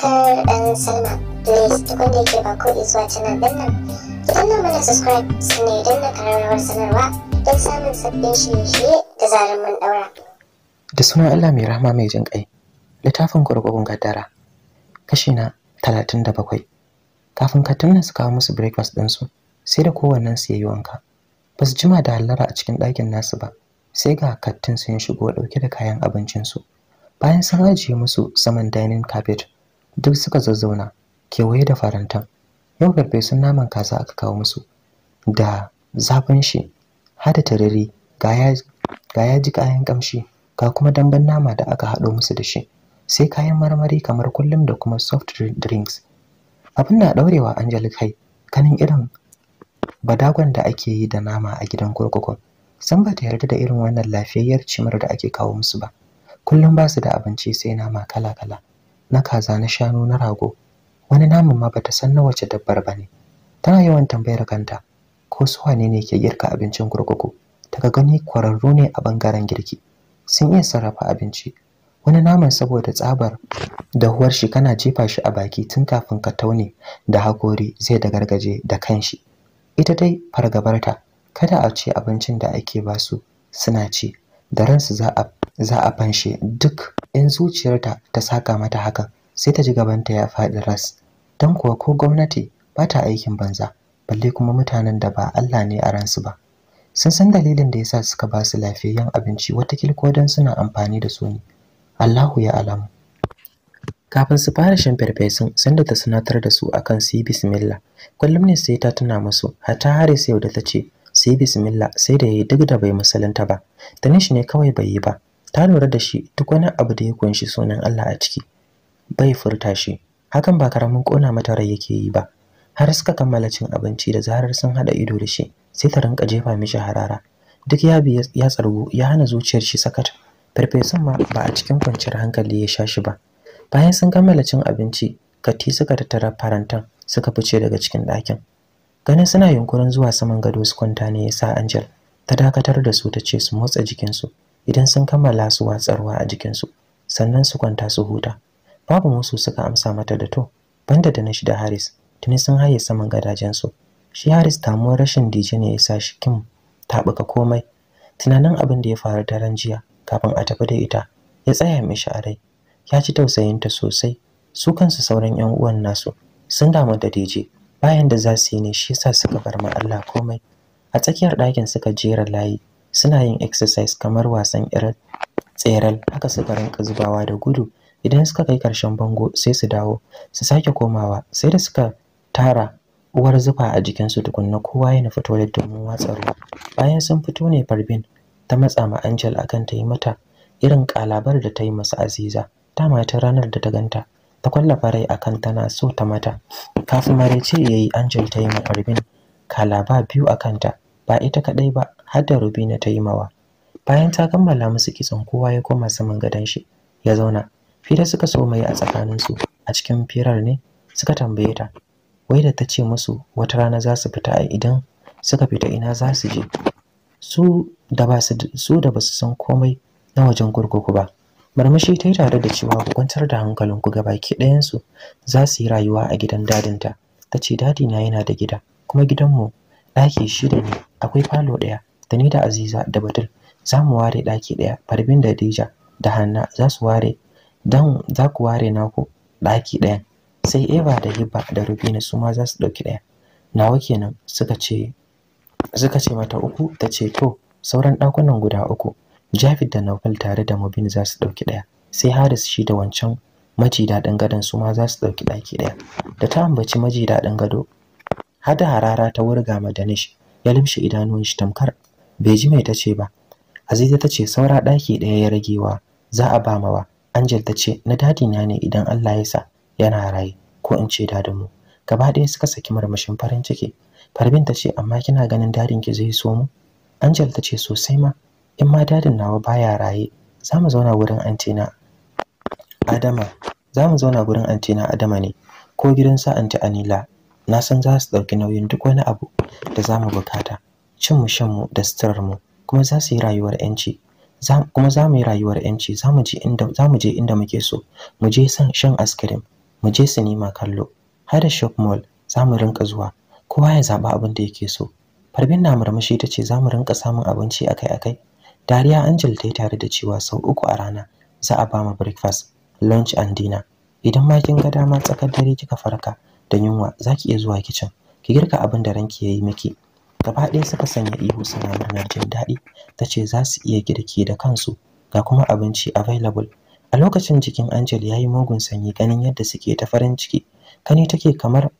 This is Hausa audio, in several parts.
subscribe and sign up. Please da yake ba subscribe ya danna sanarwa don samun sabbin da Allah mai rahama mai jin kai. Littafin gurgurun gaddara. Kashi na talatin da bakwai. Kafin ka katunan su kawo musu breakfast ɗinsu, sai da kowannen su yayi wanka. Ba su jima da hallara a cikin ɗakin nasu ba, sai ga kattun sun shigo ɗauke da kayan abincinsu. Bayan sun ajiye musu saman dining carpet, duk suka zazzauna kewaye da farantan yau farfesun naman kasa aka kawo musu da zafin shi har da tarari ga ya ji kayan kamshi ga kuma damben nama da aka haɗo musu da shi sai kayan marmari kamar kullum da kuma soft drinks abin na ɗaurewa angel kai kanin irin badagon da ake yi da nama a gidan kurkukun san ba ta yarda da irin wannan lafiyayyar cimar da ake kawo musu ba kullum ba su da abinci sai nama kala-kala na kaza na shanu na rago wani naman ma bata san na wace dabbar bane tana yawan tambayar kanta ko su wane ne ke girka abincin kurkuku daga gani kwararru ne a bangaren girki sun iya sarrafa abinci wani naman saboda tsabar dahuwar shi kana jefa shi a baki tun kafin ka taune da hakori zai da gargaje da kanshi ita dai fargabarta kada a ce abincin da ake basu suna ci da ransu za a za a fanshe duk in zuciyarta ta saka mata hakan sai ta ji gabanta ya faɗi ras don kuwa ko gwamnati ba ta aikin banza balle kuma mutanen da ba Allah ne a ransu ba sun san dalilin da yasa suka ba su lafiyayyen abinci watakil ko don suna amfani da su ne Allahu ya alamu kafin su fara shan farfesun sanda ta sanatar da su akan su yi bismillah kullum ne sai ta tuna musu hata hare yau da ta ce sai bismillah sai da yayi duk da bai musulunta ba tanish ne kawai bai yi ba ta lura da shi duk wani abu da ya kunshi sunan Allah a ciki bai furta shi hakan ba karamin kona mata rai yake yi ba har suka kammala cin abinci da zarar sun hada ido da shi sai ta rinka jefa mishi harara duk ya bi ya tsargu ya hana zuciyar shi sakat farfesun ma ba a cikin kwanciyar hankali ya sha shi ba bayan sun kammala cin abinci katti suka tattara farantan suka fice daga cikin ɗakin ganin suna yunkurin zuwa saman gado su kwanta ne ya sa angel ta dakatar da su ta ce su motsa jikinsu idan sun kammala su watsarwa a jikinsu sannan su kwanta su huta babu musu suka amsa mata da to banda da shi da Haris tuni sun haye saman gadajensu shi Haris tamuwar rashin dije ne ya sa shi kin tabuka komai tunanin abin da ya faru daren jiya kafin a tafi da ita ya tsaya mishi a rai ya ci tausayinta sosai su kansu sauran yan uwan nasu sun damu da dije bayan da za su yi ne shi yasa suka bar ma Allah komai a tsakiyar ɗakin suka jera layi suna yin exercise kamar wasan irin tseren haka suka rinka zubawa da gudu idan suka kai karshen bango sai su dawo su sake komawa sai da suka tara uwar zufa a jikinsu tukunna kowa yana fito da domin watsa ruwa bayan sun fito ne farbin ta matsa ma angel akan ta yi mata irin kalabar da ta yi masa aziza ta mata ranar da ta ganta ta kwallafa rai akan tana so ta mata kafin marece yayi angel ta yi ma farbin kalaba biyu akan ta ba ita kadai ba har da Rubina ta yi mawa. Bayan ta kammala musu kitson kowa ya koma saman gadon shi ya zauna. Fira suka so mai a tsakanin su a cikin firar ne suka tambaye ta. Wai da ta ce musu wata rana za su fita a idan suka fita ina za su je. Su da ba su da ba su san komai na wajen kurkuku ba. Marmashi ta yi tare da cewa ku kwantar da hankalinku gabaki ɗayansu za su yi rayuwa a gidan dadinta. Ta ce dadina yana da gida kuma gidanmu ɗaki shida ne akwai falo ɗaya da ni da Aziza da Batul za mu ware ɗaki ɗaya Farbin da Dija da Hanna za su ware dan za ku ware naku ɗaki ɗayan sai Eva da Hibba da Rubina su ma za su ɗauki ɗaya nawa kenan suka ce suka ce mata uku ta ce to sauran ɗakunan guda uku Jafit da Naufal tare da Mubin za su ɗauki ɗaya sai Haris shi da wancan maji daɗin gadon su ma za su ɗauki ɗaki ɗaya da ta ambaci maji daɗin gado hada harara ta wurga ma Danish ya limshi idanuwan shi tamkar bai ji mai tace ba aziza ta ce saura ɗaki ɗaya ya ragewa za a ba mawa angel ta ce na dadina ne idan allah ya sa yana raye ko in ce mu? gaba ɗaya suka saki marmashin farin ciki farbin ta ce amma kina ganin dadin ki zai so mu angel ta ce sosai ma in ma dadin nawa baya raye za mu zauna wurin antina adama za mu zauna gurin antina adama ne ko gidan sa anti anila na san za su ɗauki nauyin duk wani abu da za mu bukata Cin shan mu da mu, kuma za su yi rayuwar 'yanci kuma za mu yi rayuwar 'yanci za mu je inda muke so mu je san shan askirim mu je sinima kallo har da shop mall za mu rinka zuwa kowa ya zaɓa abin da yake so farbin na murmushi ta ce za mu rinka samun abinci akai-akai dariya angel ta yi tare da cewa sau uku a rana za a ba mu breakfast lunch and dinner idan ma kin ga dama tsakar dare kika farka da yunwa za ki iya zuwa kicin ki girka abin da ranki ya yi miki gaba ɗaya suka sanya ihu suna murnar jin daɗi ta ce za su iya girki da kansu ga kuma abinci available a lokacin jikin angel ya yi mugun sanyi ganin yadda suke ta farin ciki kani take kamar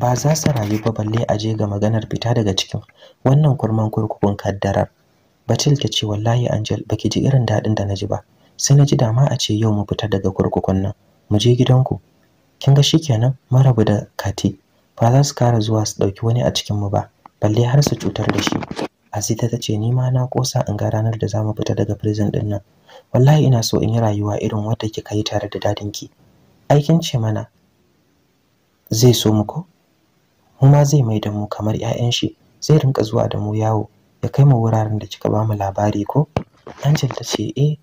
ba za su rayu ba balle a je ga maganar fita daga cikin wannan kurman kurkukun kaddarar batil ta ce wallahi angel baki ji irin daɗin da na ji ba sai na ji dama a ce yau mu fita daga kurkukun nan mu je gidanku kin ga shikenan marabu da kati ba za su kara zuwa su ɗauki wani a cikin mu ba balle har su cutar da shi azita ta ce ni ma na kosa in ga ranar da za mu fita daga prison din nan wallahi ina so in yi rayuwa irin wadda kika yi tare da dadin ki. aikin ce mana zai so mu ko mu ma zai mai da mu kamar 'ya'yan shi zai rinka zuwa da mu yawo ya kai mu wuraren da kika ba mu labari ko Angel ta ce eh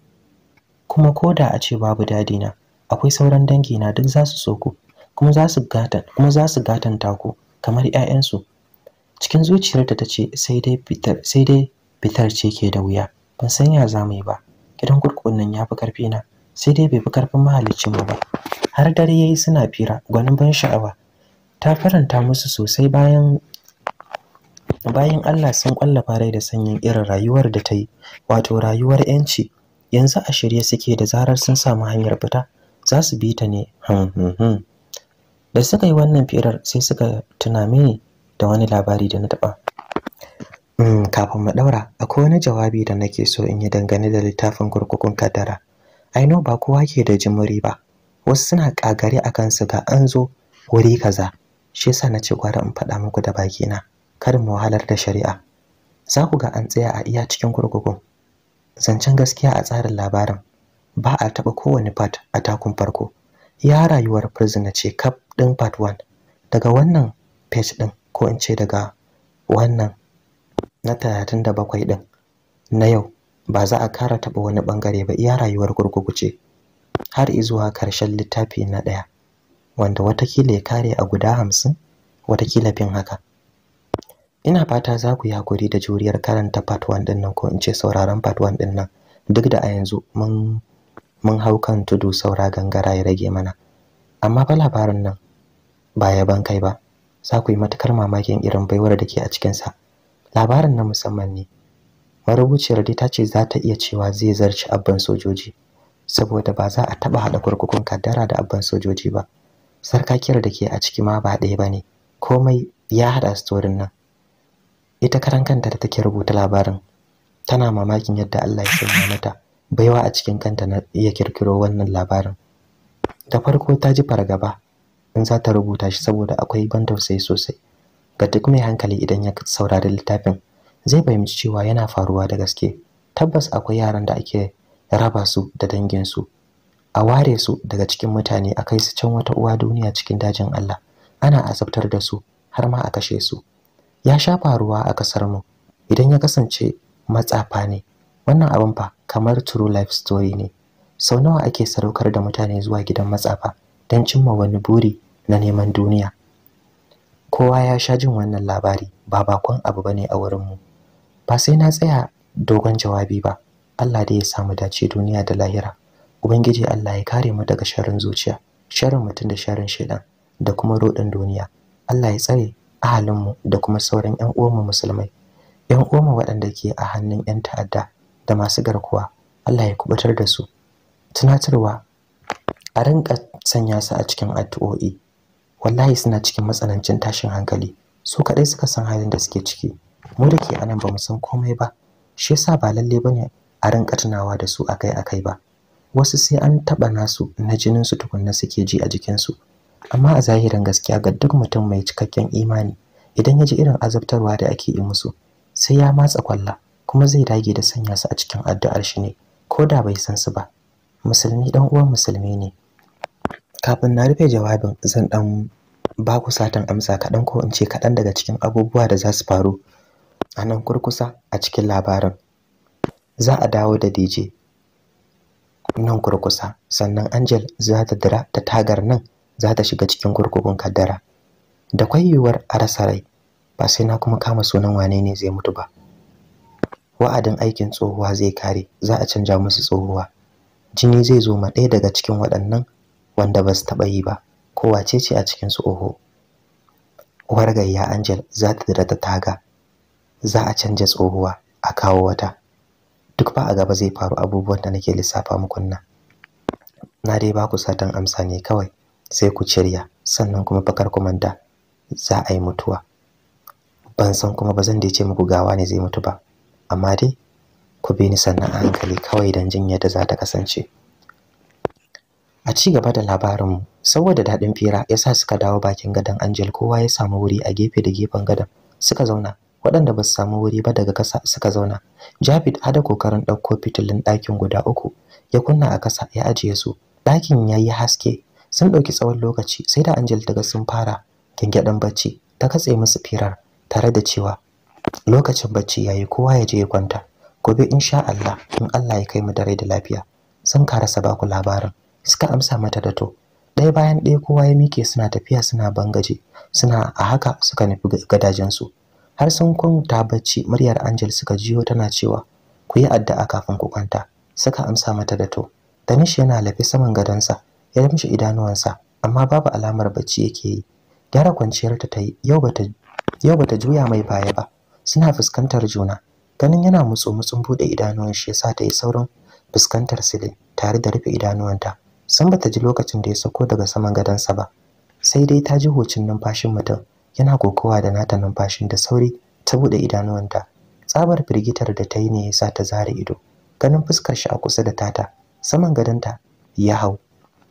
kuma koda a ce babu dadi na? akwai sauran dangi na duk za su so ku kuma za su gatan kuma za su gatanta ku kamar 'ya'yansu cikin zuciyarta ta ce sai dai fitar sai dai fitar ce ke da wuya ban san ya za mu yi ba gidan kurkukun nan ya fi karfi na sai dai bai fi karfin mahalicin mu ba har dare yayi suna fira gwanin ban sha'awa ta faranta musu sosai bayan bayan Allah sun kwallafa rai da sanyin irin rayuwar da ta yi wato rayuwar yanci yanzu a shirye suke da zarar sun samu hanyar fita za su bi ta ne hmm, hmm, hmm. da suka yi wannan firar sai suka tuna mini da wani labari da na taɓa mm, kafin mu ɗaura akwai wani jawabi da nake so in yi dangane da littafin kurkukun kaddara I know ba kowa ke da jimuri ba wasu suna kagare a kansu ga an zo wuri kaza shi yasa na ce gwara in faɗa muku da bakina kar mu wahalar da shari'a za ku ga an tsaya a iya cikin kurkukun zancen gaskiya a tsarin labarin ba a taɓa kowane part a takun farko ya rayuwar prisoner ce kaf ɗin part 1 daga wannan page ɗin ko in ce daga wannan na talatin da bakwai ɗin na yau ba za a kara taɓa wani ɓangare ba iya rayuwar gurgugu ce har izuwa karshen littafi na ɗaya wanda watakila ya kare a guda hamsin watakila fin haka ina fata za ku yi hakuri da juriyar karanta part 1 ɗin nan ko in ce sauraron part 1 ɗin nan duk da a yanzu mun hau kan tudu saura gangara ya rage mana amma ba labarin nan ba ya kai ba za ku yi matukar mamakin irin baiwar da ke a cikinsa labarin na musamman ne marubuciyar dai ta ce za ta iya cewa zai zarci abban sojoji saboda ba za a taɓa haɗa kurkukun kaddara da abban sojoji ba sarkakiyar da ke a ciki ma ba ɗaya ba ne komai ya haɗa storin nan ita karan kanta da take rubuta labarin tana mamakin yadda Allah ya sanya mata baiwa a cikin kanta na iya kirkiro wannan labarin da farko ta ji fargaba in za ta rubuta shi saboda akwai ban tausayi sosai ga duk mai hankali idan ya saurari littafin zai fahimci cewa yana faruwa da gaske tabbas akwai yaran da ake raba su da danginsu a ware su daga cikin mutane a kai su can wata uwa duniya cikin dajin Allah ana asabtar da su har ma a kashe su ya sha faruwa a kasar mu idan ya kasance matsafa ne wannan abin fa kamar true life story ne sau nawa ake sadaukar da mutane zuwa gidan matsafa don cimma wani buri na neman duniya kowa ya sha jin wannan labari ba bakon abu bane a wurin mu ba sai na tsaya dogon jawabi ba Allah da ya samu dace duniya da lahira ubangiji Allah ya kare mu daga sharrin zuciya sharrin mutum da sharrin shaidan da kuma rodin duniya Allah ya tsare ahalinmu da kuma sauran 'yan uwanmu musulmai 'yan uwan mu waɗanda ke a hannun 'yan ta'adda da masu garkuwa Allah ya kubutar da su tunatarwa a rinka sanya su a cikin addu'o'i wallahi suna cikin matsanancin tashin hankali su kadai suka san halin da suke ciki mu da ke anan bamu san komai ba shi yasa ba lalle bane a rinka tunawa da su akai-akai ba wasu sai an taɓa nasu na jinin su tukunna suke ji a jikin su amma a zahirin gaskiya ga duk mutum mai cikakken imani idan ya ji irin azabtarwa da ake yi musu sai ya matsa kwalla kuma zai dage da sanya su a cikin addu'ar shi ne ko da bai san su ba musulmi dan uwan musulmi ne kafin na rufe jawabin zan dan ba ku satan amsa kaɗan ko in ce kaɗan daga cikin abubuwa da za su faru a nan kurkusa a cikin labarin za a dawo da DJ nan kurkusa sannan Angel za ta dira ta tagar nan za ta shiga cikin kurkukun kaddara da kwai yiwuwar a rasa rai ba sai na kuma kama sunan wane ne zai mutu ba wa'adin aikin tsohuwa zai kare za a canja musu tsohuwa jini zai zo ma ɗaya daga cikin waɗannan wanda ba su taɓa yi ba ko wace ce a cikinsu oho uwar gayya angel za ta dira ta taga za a canja tsohuwa a kawo wata duk ba a gaba zai faru abubuwan da nake lissafa muku na na dai ba ku satan amsa ne kawai sai ku cirya sannan kuma fakar kumanta za a yi mutuwa ban san kuma ba zan da ce muku gawa ne zai mutu ba amma dai ku bi ni sannan a hankali kawai don jin da za ta kasance a ci gaba da labarinmu saboda daɗin fira ya sa suka dawo bakin gadon angel kowa ya samu wuri a gefe da gefen gadon suka zauna waɗanda ba su samu wuri ba daga ƙasa suka zauna jafid hada kokarin ɗauko fitilun ɗakin guda uku ya kunna a ƙasa ya ajiye su ɗakin ya yi haske sun ɗauki tsawon lokaci sai da angel daga sun fara gyangyaɗan bacci ta katse musu firar tare da cewa lokacin bacci ya yi kowa ya je ya kwanta gobe insha Allah in Allah ya kai mu da rai da lafiya sun karasa baku labarin suka amsa mata da to ɗaya bayan ɗaya kowa ya mike suna tafiya suna bangaje suna a haka suka nufi gadajensu har sun kwanta bacci muryar angel suka jiyo tana cewa ku yi addu'a kafin ku kwanta suka amsa mata da to tanishi yana lafi saman gadonsa ya rumshe idanuwansa amma babu alamar bacci yake yi gyara kwanciyarta ta yi, yau bata yau juya mai baya ba suna fuskantar juna ganin yana mutsu mutsun bude idanuwan shi yasa ta yi saurin fuskantar silin tare da rufe idanuwanta san bata ji lokacin da ya sauko daga saman gadonsa ba sai dai ta ji hocin numfashin mutum yana kokowa da nata numfashin da sauri ta bude idanuwanta tsabar firgitar da ta yi ne ya sa ta zare ido ganin fuskar shi a kusa da tata saman gadonta ya hau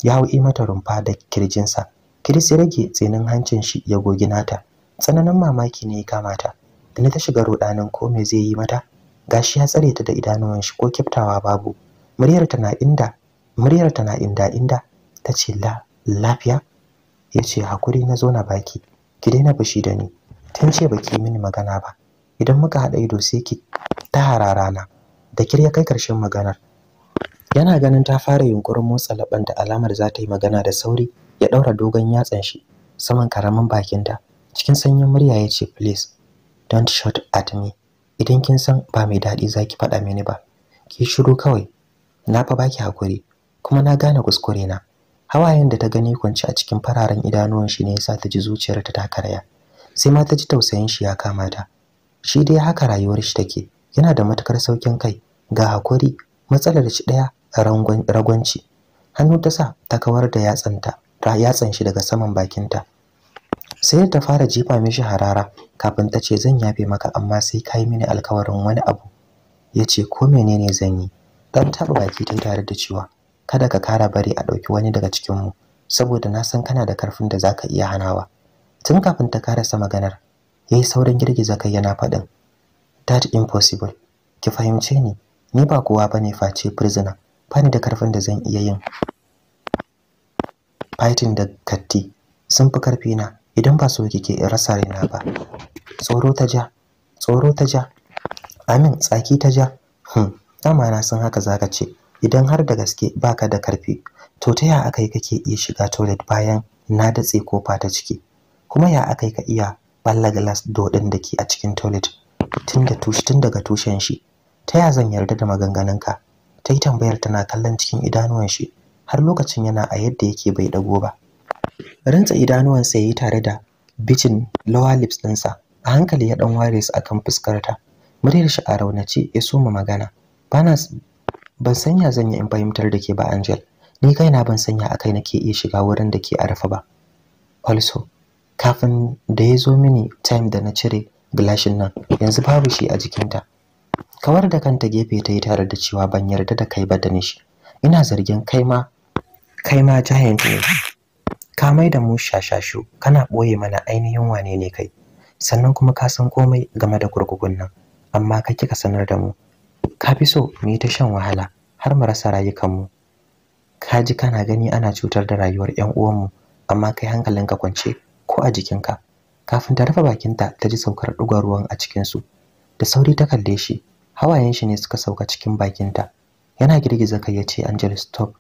ya hau mata rumfa da kirjinsa kiris ya rage tsinin hancin shi ya gogi nata tsananin mamaki ne ya kama ta ina ta shiga rudanin ko me zai yi mata gashi ya tsare ta da idanuwan shi ko kyaftawa babu muryar ta na inda muryar tana inda inda ta ce la lafiya ya ce hakuri na zo na baki ki daina bashi da ni tun ce baki mini magana ba idan muka haɗa ido sai ki ta rana da kirya kai ƙarshen maganar yana ganin ta fara yunkurin motsa laban da alamar za ta yi magana da sauri ya ɗaura dogon yatsan shi saman karamin bakinta cikin sanyin murya ya ce please don't shout at me idan kin san ba mai daɗi za ki faɗa mini ba ki shiru kawai na fa baki hakuri kuma na gane kuskure na hawayen da ta gani kwanci a cikin fararen idanuwan shi ne yasa ta ji zuciyar ta karaya sai ma ta ji tausayin shi ya kama ta shi dai haka rayuwar shi take yana da matukar saukin kai ga hakuri matsalar shi daya ragwanci hannu ta sa ta kawar da yatsanta ta yatsan shi daga saman bakinta sai ta fara jifa mishi harara kafin ta ce zan yafe maka amma sai kai mini alkawarin wani abu ya ce ko menene zan yi dan taba baki ta tare da cewa kada ka kara bari a ɗauki wani daga cikin mu saboda na san kana da karfin da zaka iya hanawa tun kafin ta karasa maganar yayi saurin girgiza kai yana faɗin that impossible ki fahimce ni ni ba kowa bane face prisoner bani da karfin da zan iya yin fighting da katti sun fi karfi na idan ba so kike rasa raina ba tsoro ta ja tsoro ta ja amin tsaki ta ja hmm dama na san haka zaka ce idan har da gaske baka da karfi to ta ya akai kake iya shiga toilet bayan na datse kofa ta ciki kuma ya akai ka iya balla glass door din da ke a cikin toilet tun da tun daga tushen shi ta ya zan yarda da maganganunka ta yi tambayar tana kallon cikin idanuwan shi har lokacin yana a yadda yake bai dago ba rantsa idanuwan ya yi tare da bicin lower lips ɗinsa a hankali ya ɗan ware su akan fuskarta muryar shi a raunace ya soma magana bana ban san ya zan yi in fahimtar da ke ba Angel ni kaina ban sanya a kai nake iya shiga wurin da ke a rufe ba also kafin da ya zo mini time da na cire gilashin nan yanzu babu shi a jikinta kawar da kanta gefe ta yi tare da cewa ban yarda da kai ba da nishi ina zargin kai ma kai ma giant ne ka mai da mu shashashu kana ɓoye mana ainihin wane ne kai sannan kuma ka san komai game da kurkukun nan amma ka kika sanar da mu ka fi so mu yi ta shan wahala har mu rasa rayukanmu ka ji kana gani ana cutar da rayuwar 'yan uwanmu amma kai hankalinka kwance ko a jikinka kafin ta rufe bakinta ta ji saukar ɗigon ruwan a cikinsu da sauri ta kalle shi hawayen shi ne suka sauka cikin bakinta yana girgiza kai ya ce angel stop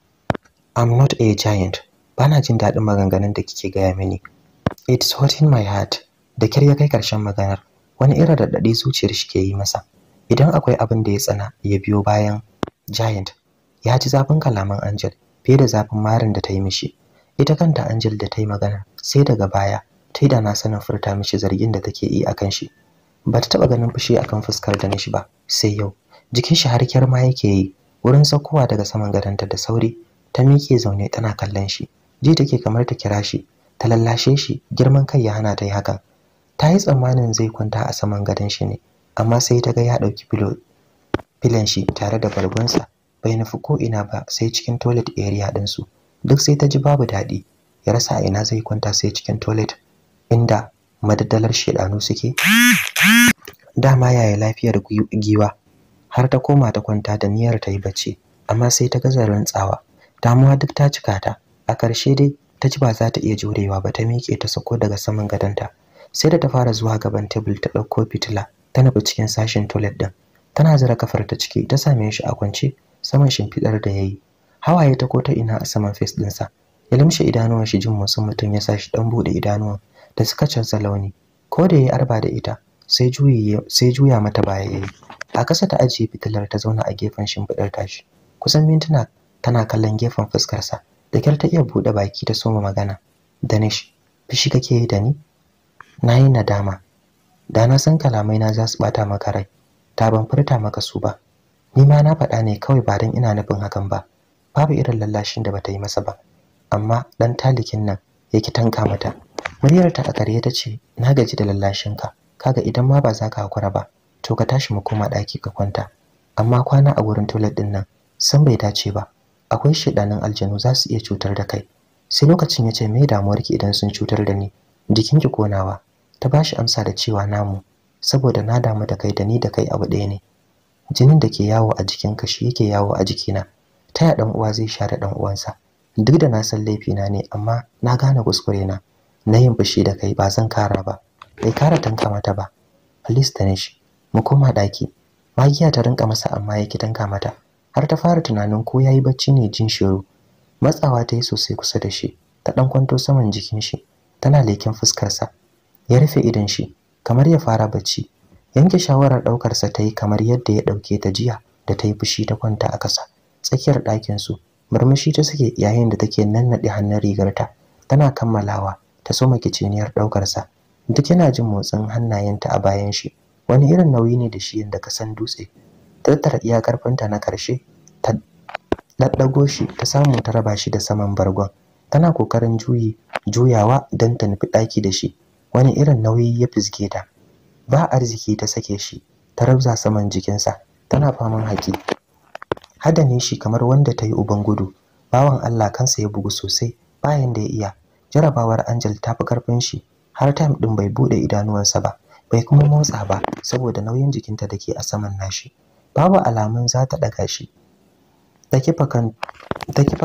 i'm not a giant bana jin daɗin maganganun da kike gaya mini it's hurting my heart da kyar ya kai ƙarshen maganar wani irin raɗaɗi zuciyar shi ke yi masa idan akwai abin da ya tsana ya biyo bayan giant ya ji zafin kalaman angel fiye da zafin marin da ta yi mishi ita kanta angel da ta yi magana sai daga baya ta yi da na sanin furta mishi zargin da take yi akan shi ba ta taɓa ganin fushi akan fuskar da nishi ba sai yau jikin shi har kyar ma yake yi wurin saukowa daga saman gadonta da sauri ta miƙe zaune tana kallon shi ji take kamar ta kira shi ta lallashe shi girman kai ya hana ta yi hakan ta yi tsammanin zai kwanta a saman gadon shi ne amma sai ta ga ya ɗauki filo filan shi tare da bargonsa bai nufi ko ina ba sai cikin toilet area su. duk sai ta ji babu daɗi ya rasa ina zai kwanta sai cikin toilet inda madadalar shedanu suke dama yaya lafiyar giwa har ta koma ta kwanta da niyyar ta yi bacci amma sai ta gaza rantsawa damuwa duk ta cika ta a ƙarshe dai ta ji ba za ta iya jurewa ba ta miƙe ta sako daga saman gadonta sai da ta fara zuwa gaban tebul ta ɗauko fitila ta nufi cikin sashen toilet din tana zira kafar ta ciki ta same shi a kwance saman shimfidar da yayi hawaye ta kota ina a saman face ɗinsa? ya limshe idanuwan shi jin musun mutum ya sa shi dan bude idanuwan da suka canza launi ko da yayi arba da ita sai juyi sai juya mata baya yayi a kasa ta ajiye fitilar ta zauna a gefen shimfidar tashi kusan mintuna tana kallon gefen fuskar sa da kyar ta iya bude baki ta soma magana danish fishi kake yi da ni nayi nadama da na san kalamai na za su bata maka rai ta ban furta maka su ba ni ma na faɗa ne kawai ba dan ina nufin hakan ba babu irin lallashin da bata yi masa ba amma dan talikin nan ya ki tanka mata muryar ta a kare ta ce na gaji da lallashin ka kaga idan ma ba za ka hakura ba to ka tashi mu koma ɗaki ka kwanta amma kwana a wurin toilet din nan san bai dace ba akwai shedanin aljanu za su iya cutar da kai sai lokacin ya ce me damuwarki idan sun cutar da ni jikinki konawa ta ba shi amsa da cewa namu saboda na damu da kai da ni da kai abu ɗaya ne jinin da ke yawo a jikinka shi yake yawo a jikina ta ya ɗan uwa zai share ɗan uwansa duk da na san laifina ne amma na gane kuskure na na yin fushi da kai ba zan kara ba bai kara tanka mata ba please nishi. mu koma daki magiya ta rinka masa amma yake tanka mata har ta fara tunanin ko yayi bacci ne jin shiru matsawa ta yi sosai kusa da shi ta ɗan kwanto saman jikin shi tana leken fuskarsa ya rufe idon shi kamar ya fara bacci yanke shawarar ɗaukarsa ta yi kamar yadda ya ɗauke ta jiya da ta yi fushi ta kwanta a ƙasa tsakiyar ɗakin su murmushi ta suke yayin da take nannaɗe hannun rigarta tana kammalawa ta soma kiciniyar ɗaukarsa duk yana jin motsin hannayenta a bayan shi wani irin nauyi ne da shi yadda ka san dutse tattara iya karfinta na karshe ta daddago shi ta samu ta raba shi da saman bargon tana kokarin juyi juyawa don ta nufi ɗaki da shi wani irin nauyi ya fisge ta ba arziki ta sake shi ta rabza saman jikinsa tana faman haƙi hadane shi kamar wanda ta yi uban gudu bawan Allah kansa ya bugu sosai bayan da ya iya jarabawar Angel ta fi karfin shi har time din bai bude idanuwansa ba bai kuma motsa ba saboda nauyin jikinta da ke a saman nashi babu alamun za ta daga shi ta kifa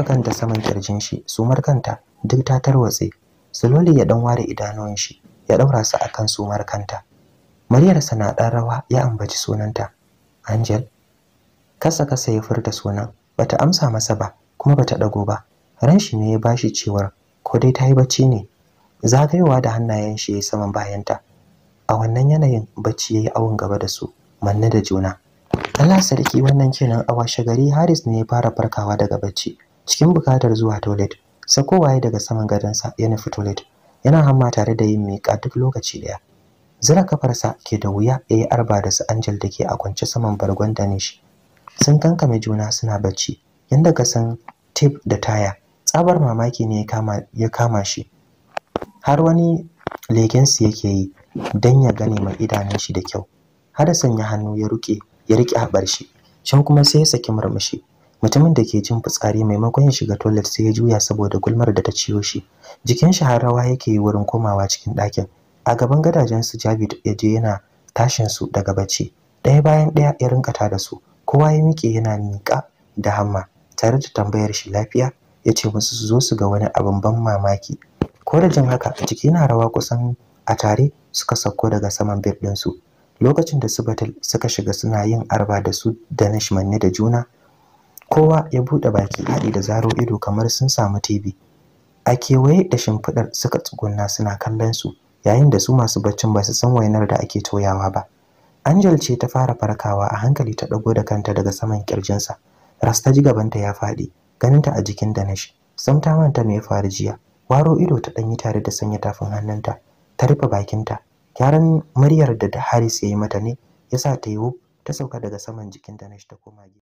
kanta saman kirjin shi sumar kanta duk ta tarwatse Suloli ya dan ware idanuwan shi ya ɗaura su a kan sumar kanta muryarsa na ɗan rawa ya ambaci sunanta angel kasa kasa ya furta sunan bata amsa masa ba kuma bata ɗago ba ran ne ya bashi cewar ko dai ta yi bacci ne zagayowa da hannayen shi ya saman bayanta a wannan yanayin bacci ya yi awon gaba da su manne da juna Allah sarki wannan kenan a washe Haris ne ya fara farkawa daga bacci cikin bukatar zuwa toilet sakowa ya daga saman gadonsa ya nufi toilet yana hamma tare da yin miƙa duk lokaci daya zira kafarsa ke da wuya ya yi arba da su angel da ke a kwance saman bargon shi sun kankame juna suna bacci yadda ka san tip da taya tsabar mamaki ne ya kama shi har wani legensu yake yi don ya gane mai idanun shi da kyau har sanya hannu ya rike ya rike haɓar shi can kuma sai ya saki murmushi mutumin da ke jin fitsari maimakon ya shiga toilet sai ya juya saboda gulmar da ta ciyo shi jikin shi har rawa yake yi wurin komawa cikin ɗakin a gaban gadajen su Javid ya je yana tashin su daga bacci ɗaya bayan ɗaya ya rinka ta da su kowa ya miƙe yana nika da hamma tare da tambayar shi lafiya ya ce musu su zo su ga wani abin ban mamaki ko da jin haka jiki na rawa kusan a tare suka sauko daga saman bed ɗinsu lokacin da su suka shiga suna yin arba da su da nashmanne da juna kowa ya buɗe baki haɗi da zaro ido kamar sun samu tv a kewaye da shimfiɗar suka tsugunna suna kallon su yayin da su masu baccin ba su san wainar da ake toyawa ba angel ce ta fara farkawa a hankali ta ɗago da kanta daga saman kirjinsa rasta ji gabanta ya faɗi ganinta a jikin danish sam ta manta me ya faru jiya waro ido ta ɗanyi tare da sanya tafin hannunta ta rufe bakinta gyaran muryar da haris ya yi mata ne ya sa ta yi ta sauka daga saman jikin danish ta koma gida